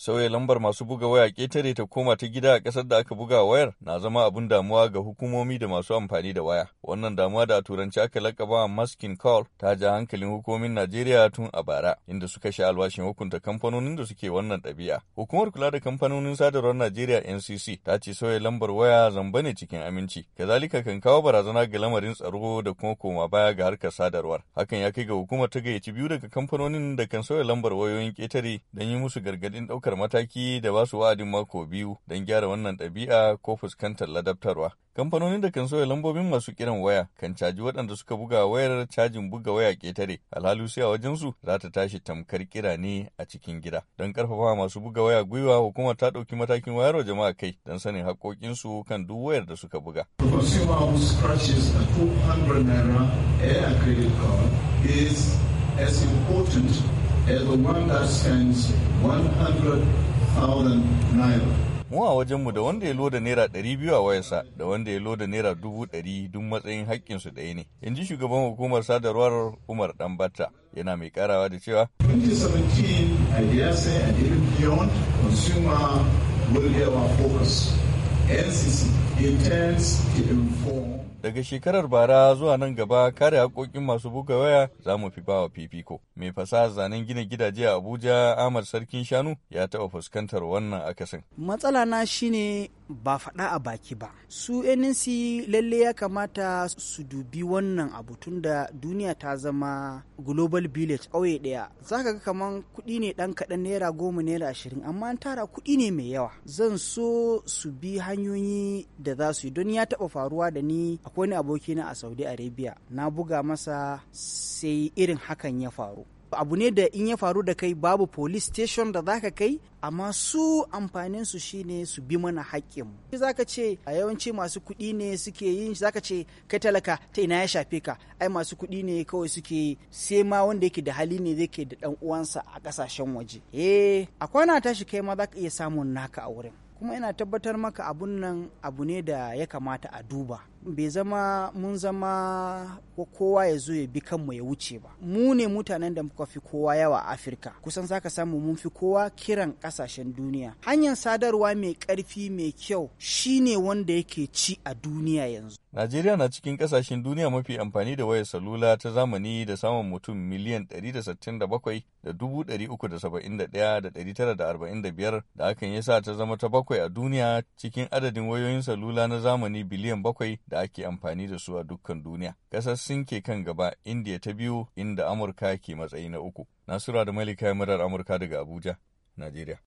Sauya lambar masu buga waya ketare ta koma ta gida a kasar da aka buga wayar na zama abin damuwa ga hukumomi da masu amfani da waya. Wannan damuwa da a turanci aka lakaba masking call ta ja hankalin hukumomin Najeriya tun a bara, inda suka sha alwashin hukunta kamfanonin da suke wannan ɗabi'a. Hukumar kula da kamfanonin sadarwar Najeriya NCC ta ce sauya lambar waya zamba ne cikin aminci. Kazalika kan kawo barazana ga lamarin tsaro da kuma koma baya ga harkar sadarwar. Hakan ya kai ga hukumar ta gayyaci biyu daga kamfanonin da kan sauya lambar wayoyin ketare don yi musu gargaɗin ɗaukar ɗaukar mataki da ba su wa'adin mako biyu don gyara wannan ɗabi'a ko fuskantar ladabtarwa. Kamfanonin da kan soya lambobin masu kiran waya kan caji waɗanda suka buga wayar cajin buga waya ƙetare alhalu sai a wajensu za ta tashi tamkar kira ne a cikin gida. Don ƙarfafa masu buga waya gwiwa hukumar ta ɗauki matakin wayar wa jama'a kai don sanin haƙoƙinsu kan duk wayar da suka buga. is as important is the one that spends 100,000 naira. mu a wajenmu da wanda ya loda naira ɗari biyu a wayarsa da wanda ya loda naira dubu ɗari duk matsayin haƙƙinsu ɗaya ne in ji shugaban hukumar sadarwar umar dan batta yana mai karawa da cewa 2017 i dare say and even beyond consumer will have a focus ncc intends to inform daga shekarar bara zuwa nan gaba kare haƙoƙin masu buga waya za mu fi bawa fifiko. Mai fasaha zanen gina gidaje a Abuja Ahmad Sarkin Shanu ya taɓa fuskantar wannan akasin. Matsala na shine ba faɗa a baki ba. Su NNC lalle ya kamata su dubi wannan abu tun da duniya ta zama global village ƙauye ɗaya. Za ka ga kaman kuɗi ne ɗan kaɗan naira goma naira ashirin amma an tara kuɗi ne mai yawa. Zan so su bi hanyoyi da za su yi don ya taɓa faruwa da ni akwai wani abokina a saudi arabia na buga masa sai irin hakan ya faru abu ne da in ya faru da kai babu police station da zaka kai amma su amfaninsu su shine su bi mana haƙƙin mu zaka ce a yawanci masu kuɗi ne suke yin zaka ce kai talaka ta ina ya shafe ka ai masu kuɗi ne kawai suke sai ma wanda yake da hali ne ke da dan uwansa a ƙasashen waje eh a kwana tashi kai ma zaka iya samun naka a wurin kuma ina tabbatar maka abun nan abu ne da ya kamata a duba bai zama mun zama kowa ya zo ya bi kanmu ya wuce ba mu ne mutanen da muka fi kowa yawa a afirka kusan zaka samu mun fi kowa kiran kasashen duniya hanyar sadarwa mai karfi mai kyau shine wanda yake ci a duniya yanzu Najeriya na cikin kasashen duniya mafi amfani da wayar salula ta zamani da samun mutum miliyan 167 da 371,945 da hakan ya sa ta zama ta bakwai a duniya cikin adadin wayoyin salula na zamani biliyan bakwai da ake amfani da su a dukkan duniya. Ƙasar sun ke kan gaba, India ta biyu, inda Amurka ke matsayi na uku. Nasura da Malika Murar Amurka daga Abuja, Najeriya.